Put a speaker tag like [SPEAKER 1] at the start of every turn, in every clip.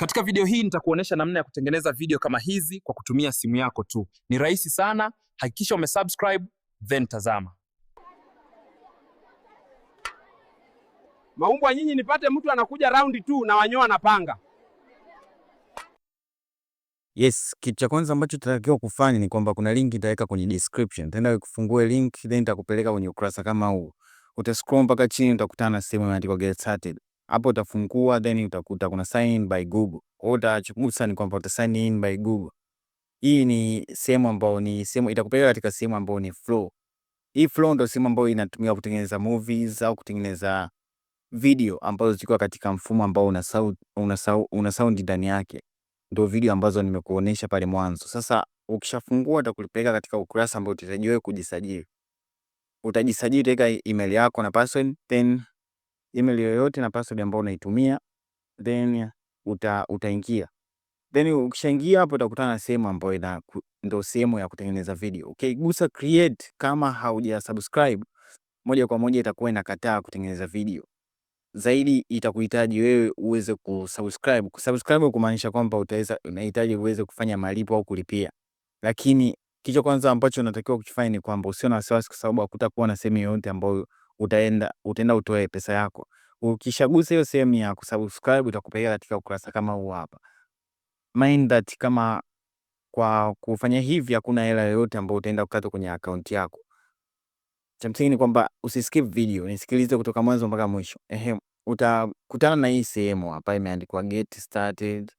[SPEAKER 1] Katika video hii nitakuonesha namna ya kutengeneza video kama hizi kwa kutumia simu yako tu. Ni rahisi sana, hakikisha umesubscribe then tazama. Maumbwa nyinyi, nipate mtu anakuja round tu na wanyoa na panga.
[SPEAKER 2] Yes, kitu cha kwanza ambacho tunatakiwa kufanya ni kwamba kuna link nitaweka kwenye description. Tenda kufungue link then nitakupeleka kwenye ukurasa kama huu. Utascroll mpaka chini utakutana na sehemu imeandikwa get started hapo utafungua, then utakuta kuna sign in by Google. Utachogusa ni kwamba uta sign in by Google. Hii ni sehemu ambayo ni sehemu itakupeleka katika sehemu ambayo ni flow. Hii flow ndio sehemu ambayo inatumika kutengeneza movies au kutengeneza video ambazo zikiwa katika mfumo ambao una sound, una sound, una sound ndani yake. Ndio video ambazo nimekuonesha pale mwanzo. Sasa ukishafungua utakupeleka katika ukurasa ambao utatajiwa kujisajili. Utajisajili, utaweka email yako na password then email yoyote na password ambayo unaitumia, then uta, utaingia then ukishaingia hapo utakutana na sehemu ambayo ina ndio sehemu ya kutengeneza video. Okay, gusa create kama hauja subscribe moja kwa moja itakuwa inakataa kutengeneza video. Zaidi itakuhitaji wewe uweze kusubscribe. Kusubscribe kumaanisha kwamba utaweza unahitaji uweze kufanya malipo au kulipia. Lakini kicho kwanza ambacho unatakiwa kukifanya ni kwamba usio na wasiwasi kwa sababu hakutakuwa na sehemu yoyote ambayo utaenda utaenda utoe pesa yako. Ukishagusa hiyo sehemu ya kusubscribe itakupeleka katika ukurasa kama huu hapa. Mind that kama kwa kufanya hivi hakuna hela yoyote ambayo utaenda kukata kwenye akaunti yako. Cha msingi ni kwamba usiskip video, nisikilize kutoka mwanzo mpaka mwisho. Ehe, utakutana na hii sehemu hapa imeandikwa get started,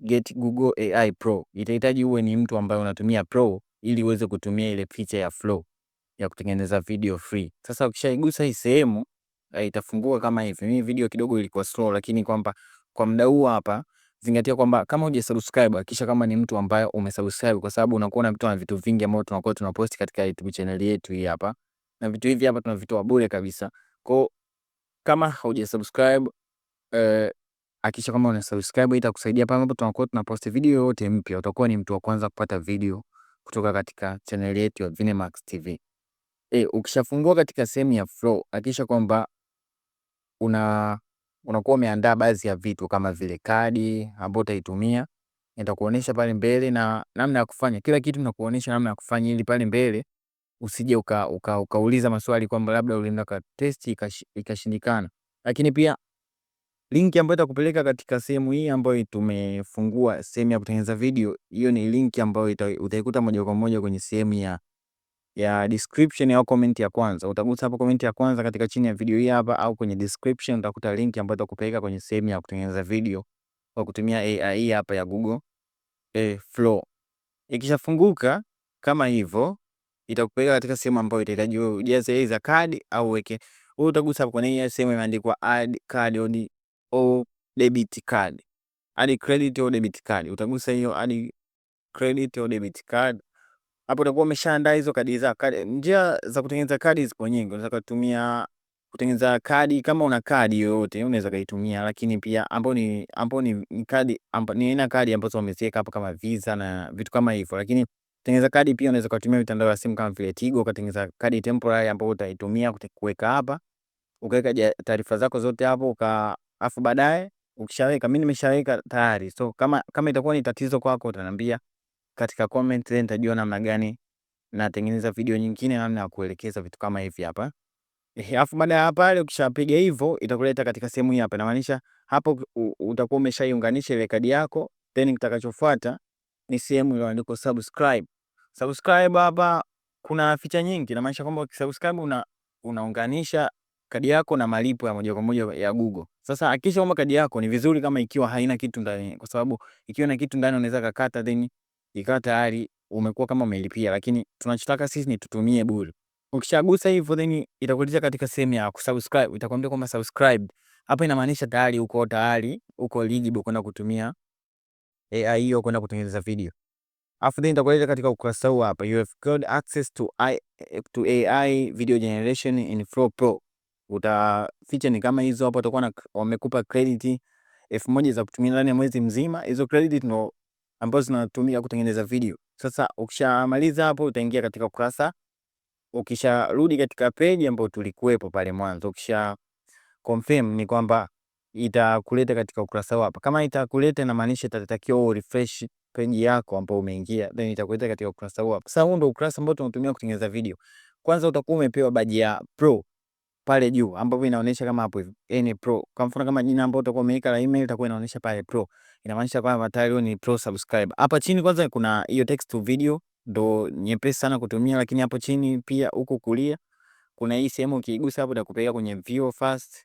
[SPEAKER 2] get Google AI Pro. Itahitaji uwe ni mtu ambaye unatumia Pro ili uweze kutumia ile feature ya Flow ya kutengeneza video free. Sasa ukishaigusa hii sehemu eh, itafunguka kama hivi. Mimi video kidogo ilikuwa slow, lakini kwamba kwa muda huu hapa zingatia kwamba kama subscribe, hakikisha kama ni mtu ambaye umesubscribe, kwa sababu unakuwa unapitwa na vitu vingi ambavyo tunakuwa tunapost katika YouTube channel yetu hii hapa, na vitu hivi hapa tunavitoa bure kabisa. Kwa kama subscribe eh, hakikisha kama una subscribe, itakusaidia pale ambapo tunakuwa tunapost video yote mpya, utakuwa ni mtu wa kwanza kupata video kutoka katika channel yetu ya Vinemax TV e, ukishafungua katika sehemu ya flow hakikisha kwamba una unakuwa umeandaa baadhi ya vitu kama vile kadi ambayo utaitumia, nitakuonesha pale mbele na namna ya kufanya kila kitu, nakuonesha namna ya kufanya ili pale mbele usije uka, uka, ukauliza maswali kwamba labda ulienda ka test ikashindikana. Lakini pia link ambayo itakupeleka katika sehemu hii ambayo tumefungua sehemu ya kutengeneza video, hiyo ni link ambayo utaikuta moja kwa moja kwenye sehemu ya ya description au comment ya kwanza. Utagusa hapo comment ya kwanza katika chini ya video hii hapa, au kwenye description utakuta link ambayo itakupeleka kwenye sehemu ya kutengeneza video kwa kutumia AI hapa ya Google eh, Flow. Ikishafunguka kama hivyo, itakupeleka katika sehemu ambayo itahitaji wewe ujaze hizo card au weke wewe, utagusa hapo kwenye sehemu imeandikwa add card on or debit card, add credit au debit card. Utagusa hiyo add credit au debit card hapo utakuwa umeshaandaa hizo kadi zako. Njia za kutengeneza kadi zipo nyingi, unaweza kutumia kutengeneza kadi kama una kadi yoyote unaweza kaitumia, lakini pia ambao ni ambao ni kadi ambapo ni aina kadi ambazo wameziweka hapo kama Visa na vitu kama hivyo. Lakini kutengeneza kadi pia unaweza kutumia mitandao ya simu kama vile Tigo, kutengeneza kadi temporary ambayo utaitumia kuweka hapa, ukaweka taarifa zako zote hapo uka afu baadaye ukishaweka, mimi nimeshaweka tayari. So kama kama itakuwa ni tatizo kwako utaniambia katika comment, then nitajua namna gani natengeneza video nyingine, namna ya kuelekeza vitu kama hivi hapa. Alafu baada ya pale ukishapiga hivyo itakuleta katika sehemu hii hapa. Inamaanisha hapo utakuwa umeshaiunganisha ile kadi yako, then kitakachofuata ni sehemu iliyoandikwa subscribe. Subscribe hapa kuna ficha nyingi, inamaanisha kwamba ukisubscribe una unaunganisha kadi yako na malipo ya moja kwa moja ya Google. Sasa hakikisha kwamba kadi yako ni vizuri kama ikiwa haina kitu ndani, kwa sababu ikiwa na kitu ndani unaweza kakata then ikawa tayari umekuwa kama umelipia, lakini tunachotaka sisi ni tutumie bure. Ukishagusa hivyo, then itakuletea katika sehemu ya kusubscribe, itakwambia kwamba subscribe. Hapa inamaanisha tayari uko tayari uko eligible kwenda kutumia AI hiyo kwenda kutengeneza video. Afu then itakuletea katika ukurasa huu hapa, you have got access to I, to AI video generation in Flow Pro. Uta ni kama hizo hapo, utakuwa wamekupa credit elfu moja za kutumia ndani ya mwezi mzima. Hizo credit ndo ambazo zinatumika kutengeneza video. Sasa ukishamaliza hapo utaingia katika ukurasa, ukisharudi katika page ambayo tulikuwepo pale mwanzo, ukisha confirm ni kwamba itakuleta katika ukurasa wao hapa. Kama itakuleta inamaanisha itatakiwa u refresh page yako ambayo umeingia, then itakuleta katika ukurasa wao hapa. Sasa huu ndio ukurasa ambao tunatumia kutengeneza video. Kwanza utakuwa umepewa baji ya Pro pale juu ambapo inaonyesha kama hapo hivi yeye ni pro. Kwa mfano kama jina ambalo utakuwa umeweka la email itakuwa inaonyesha pale pro, inamaanisha kwamba tayari ni pro subscriber. Hapa chini kwanza kuna hiyo text to video, ndo nyepesi sana kutumia, lakini hapo chini pia huku kulia kuna hii sehemu, ukiigusa hapo itakupeleka kwenye view fast.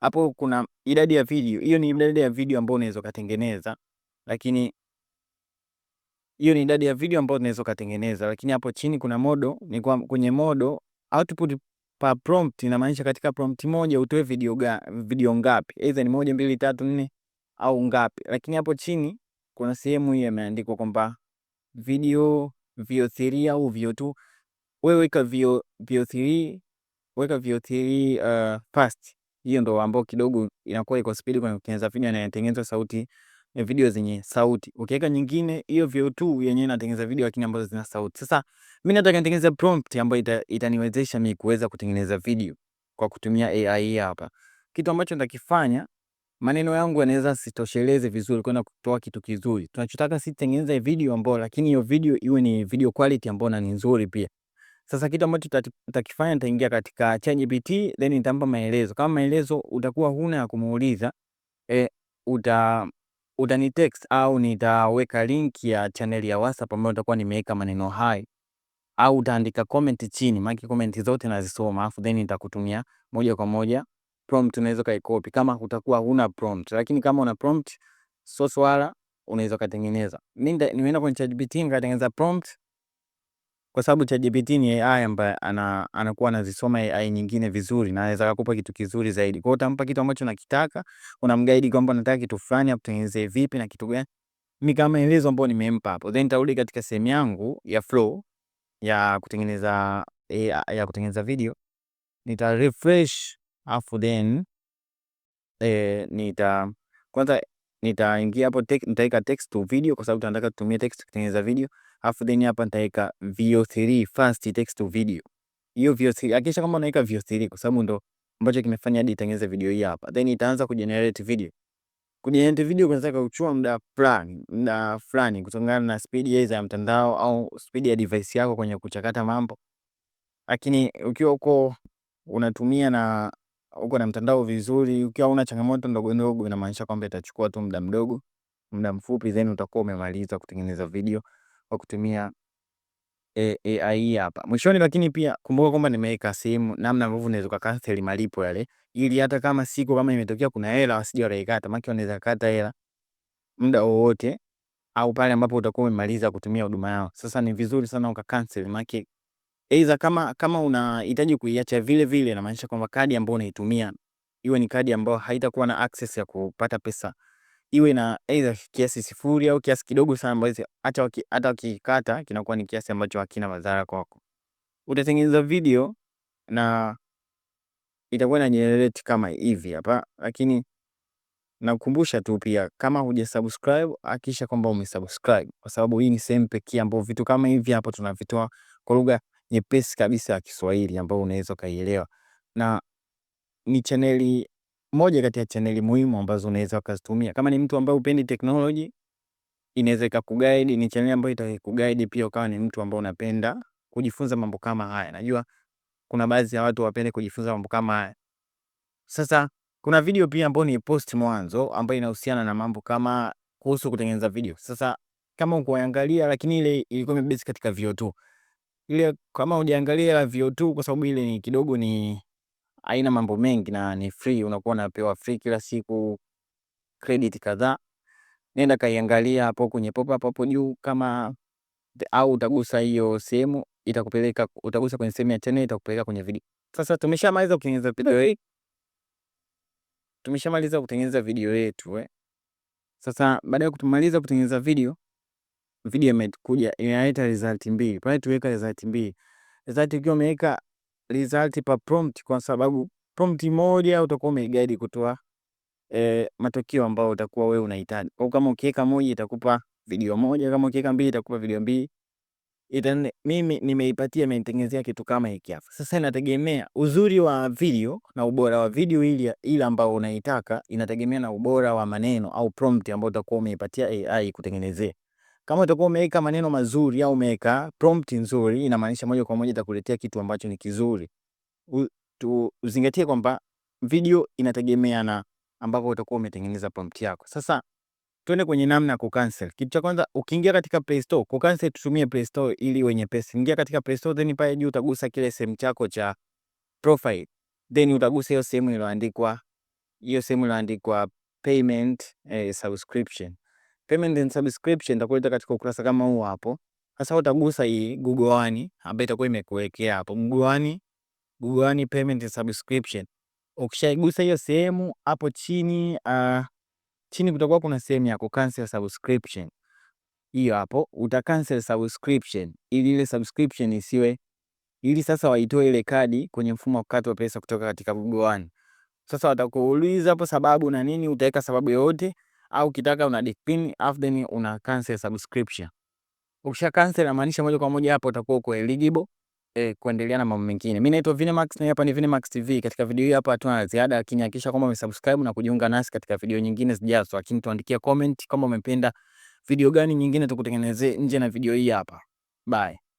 [SPEAKER 2] Hapo kuna idadi ya video, hiyo ni idadi ya video ambayo unaweza kutengeneza, lakini hiyo ni idadi ya video ambayo unaweza kutengeneza, lakini hapo chini kuna modo. Ni kwa kwenye modo output pa prompt inamaanisha katika prompt moja utoe video, ga, video ngapi, aidha ni moja, mbili, tatu, nne au ngapi. Lakini hapo chini kuna sehemu hii imeandikwa kwamba video vio 3 au vio 2. Wewe weka vio vio 3, weka vio 3 uh, fast. Hiyo ndo ambayo kidogo inakuwa iko speed kwenye kutengeneza video na inatengeneza sauti video zenye sauti. Ukiweka nyingine hiyo VO2 yenyewe inatengeneza video lakini ambazo zina sauti. Sasa mimi nataka nitengeneze prompt ambayo ita, itaniwezesha mimi kuweza kutengeneza video kwa kutumia AI hapa. Kitu ambacho nitakifanya maneno yangu yanaweza sitosheleze vizuri kwenda kutoa kitu kizuri. Tunachotaka si tengeneza video ambayo lakini hiyo video iwe ni video quality ambayo ni nzuri pia. Sasa kitu ambacho nitakifanya, nitaingia katika ChatGPT then nitampa maelezo. Kama maelezo utakuwa huna ya kumuuliza, eh, uta text au nitaweka link ya channel ya WhatsApp ambayo nitakuwa nimeweka maneno hai, au utaandika comment chini, maana comment zote nazisoma, afu then nitakutumia moja kwa moja prompt. Unaweza kaikopi kama utakuwa huna prompt, lakini kama una prompt so swala unaweza katengeneza. Mimi nimeenda kwenye ChatGPT nikatengeneza prompt kwa sababu ChatGPT ni AI ambaye anakuwa ana, anazisoma AI nyingine vizuri na anaweza kukupa kitu kizuri zaidi. Kwa hiyo utampa kitu ambacho unakitaka, unamguide kwamba nataka kitu fulani akutengenezee vipi na kitu gani. Mimi kama maelezo ambayo nimempa hapo, then tarudi katika sehemu yangu ya flow ya kutengeneza ya kutengeneza video, nita refresh afu then eh, nita kwanza nitaingia hapo, nitaweka text to video kwa sababu tunataka tutumie text kutengeneza video afu then hapa nitaweka VO3 fast text to video. Hiyo VO3 hakikisha kama unaweka VO3 kwa sababu ndo ambacho kimefanya hadi itengeneze video hii hapa. Then itaanza kugenerate video. Kugenerate video kunaweza kuchukua muda fulani, muda fulani kutokana na speed ya mtandao au speed ya device yako kwenye kuchakata mambo. Lakini ukiwa uko unatumia na uko na mtandao vizuri, ukiwa una changamoto ndogo ndogo, inamaanisha kwamba itachukua tu muda mdogo, muda mfupi, then utakuwa umemaliza kutengeneza video kwa kutumia e, eh, AI hapa mwishoni, lakini pia kumbuka kwamba nimeweka sehemu namna ambavyo unaweza kucancel malipo yale, ili hata kama siku kama imetokea kuna hela wasije wakaikata, maana wanaweza kata hela muda wowote au pale ambapo utakuwa umemaliza kutumia huduma yao. Sasa ni vizuri sana ukacancel, maana aidha kama kama unahitaji kuiacha vile vile, inamaanisha kwamba kadi ambayo unaitumia iwe ni kadi ambayo haitakuwa na access ya kupata pesa iwe na aidha kiasi sifuri au kiasi kidogo sana ambacho hata hata ukikata kinakuwa ni kiasi ambacho hakina madhara kwako. Utatengeneza video na itakuwa na generate kama hivi hapa, lakini nakukumbusha tu pia kama hujasubscribe hakikisha kwamba umesubscribe, kwa sababu hii ni sehemu pekee ambapo vitu kama hivi hapo tunavitoa kwa lugha nyepesi kabisa ya Kiswahili ambayo unaweza ukaielewa, na ni chaneli moja kati ya chaneli muhimu ambazo unaweza ukazitumia kama ni mtu ambaye upendi teknoloji, inaweza ikakuguide. Ni chaneli ambayo itakuguide pia, ukawa ni mtu ambaye unapenda kujifunza mambo kama haya. Najua kuna baadhi ya watu wapende kujifunza mambo kama haya. Sasa kuna video pia ambayo ni post mwanzo ambayo inahusiana na mambo kama kuhusu kutengeneza video. Sasa kama ukiangalia, lakini ile ilikuwa imebase katika VO2. Ile kama hujaangalia la VO2 kwa sababu ile ni kidogo ni haina mambo mengi na ni free, unakuwa unapewa free kila siku credit kadhaa. Nenda kaiangalia hapo kwenye pop up hapo juu kama au utagusa hiyo sehemu itakupeleka, utagusa kwenye sehemu ya channel itakupeleka kwenye video. Sasa tumeshamaliza kutengeneza video hii, tumeshamaliza kutengeneza video yetu eh. Sasa baada ya kutumaliza kutengeneza video, video imekuja imeleta result mbili pale, tuweka result mbili. Result ikiwa imeweka result pa prompt, kwa sababu prompt moja utakuwa umeguide kutoa e, matokeo ambayo utakuwa wewe unahitaji. Kwa kama ukiweka moja itakupa video moja, kama ukiweka mbili itakupa video mbili. Ita mimi nimeipatia imenitengenezea kitu kama hiki hapa. Sasa inategemea uzuri wa video na ubora wa video ile ile ambayo unaitaka, inategemea na ubora wa maneno au prompt ambayo utakuwa umeipatia AI kutengenezea. Kama utakuwa umeweka maneno mazuri au umeweka prompt nzuri, inamaanisha moja kwa moja itakuletea kitu ambacho ni kizuri. Uzingatie kwamba video inategemea na ambapo utakuwa umetengeneza prompt yako. Sasa tuende kwenye namna ya kucancel. Kitu cha kwanza ukiingia katika Play Store, kucancel tutumie Play Store ili wenye pesa. Ingia katika Play Store then pale juu utagusa kile sehemu chako cha profile. Then utagusa hiyo sehemu iliyoandikwa hiyo sehemu iliyoandikwa payment eh, subscription. Payment and subscription itakuleta katika ukurasa kama huu hapo. Sasa utagusa hii Google One ambayo itakuwa imekuwekea hapo. Google One, Google One payment and subscription. Ukishaigusa hiyo sehemu hapo chini, uh, chini kutakuwa kuna sehemu ya cancel subscription. Hiyo hapo uta cancel subscription ili ile subscription isiwe ili sasa waitoe ile kadi kwenye mfumo wa kukatwa pesa kutoka katika Google One. Sasa watakuuliza hapo sababu na nini, utaweka sababu yoyote au ukitaka una dipin afu then una cancel subscription. Ukisha cancel inamaanisha moja kwa moja hapo utakuwa uko eligible eh, kuendelea na mambo mengine. Mimi naitwa Vinemax na hapa ni Vinemax TV. Katika video hii hapa hatuna ziada, lakini hakikisha kwamba umesubscribe na kujiunga nasi katika video nyingine zijazo, lakini tuandikia comment kama umependa video gani nyingine tukutengenezee nje na video hii hapa. Bye.